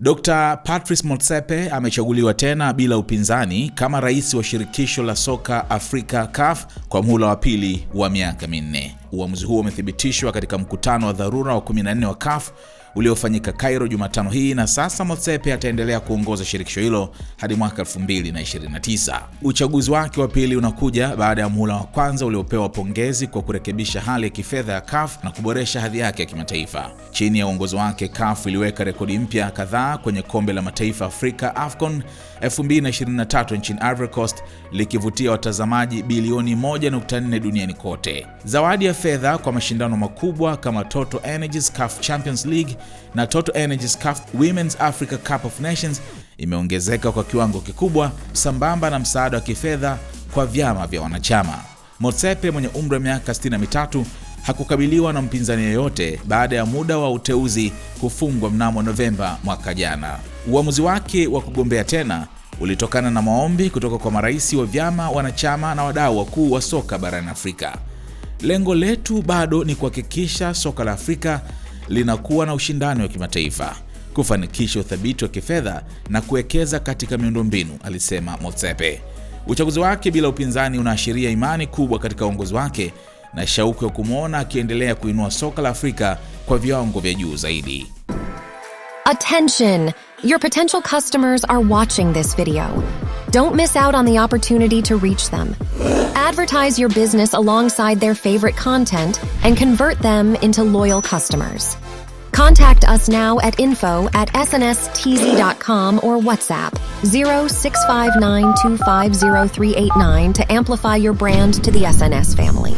Dr. Patrice Motsepe amechaguliwa tena bila upinzani kama rais wa shirikisho la soka Afrika CAF kwa muhula wa pili wa miaka minne. Uamuzi huo umethibitishwa katika mkutano wa dharura wa 14 wa CAF uliofanyika Cairo Jumatano hii na sasa Motsepe ataendelea kuongoza shirikisho hilo hadi mwaka 2029. Uchaguzi wake wa pili unakuja baada ya muhula wa kwanza uliopewa pongezi kwa kurekebisha hali ya kifedha ya CAF na kuboresha hadhi yake ya kimataifa. Chini ya uongozi wake, CAF iliweka rekodi mpya kadhaa kwenye kombe la mataifa Afrika AFCON 2023 nchini Ivory Coast likivutia watazamaji bilioni 1.4 duniani kote. Zawadi ya fedha kwa mashindano makubwa kama Total Energies CAF Champions League na Total Energies CAF Women's Africa Cup of Nations imeongezeka kwa kiwango kikubwa sambamba na msaada wa kifedha kwa vyama vya wanachama. Motsepe mwenye umri wa miaka 63 hakukabiliwa na mpinzani yeyote baada ya muda wa uteuzi kufungwa mnamo Novemba mwaka jana. Uamuzi wake wa kugombea tena ulitokana na maombi kutoka kwa marais wa vyama wanachama na wadau wakuu wa soka barani Afrika. Lengo letu bado ni kuhakikisha soka la Afrika linakuwa na ushindani wa kimataifa, kufanikisha uthabiti wa kifedha na kuwekeza katika miundombinu, alisema Motsepe. Uchaguzi wake bila upinzani unaashiria imani kubwa katika uongozi wake na shauku ya kumwona akiendelea kuinua soka la Afrika kwa viwango vya juu zaidi. Attention, your potential customers are watching this video. Don't miss out on the opportunity to reach them. Advertise your business alongside their favorite content and convert them into loyal customers. Contact us now at info at snstz.com or WhatsApp 0659250389 to amplify your brand to the SNS family.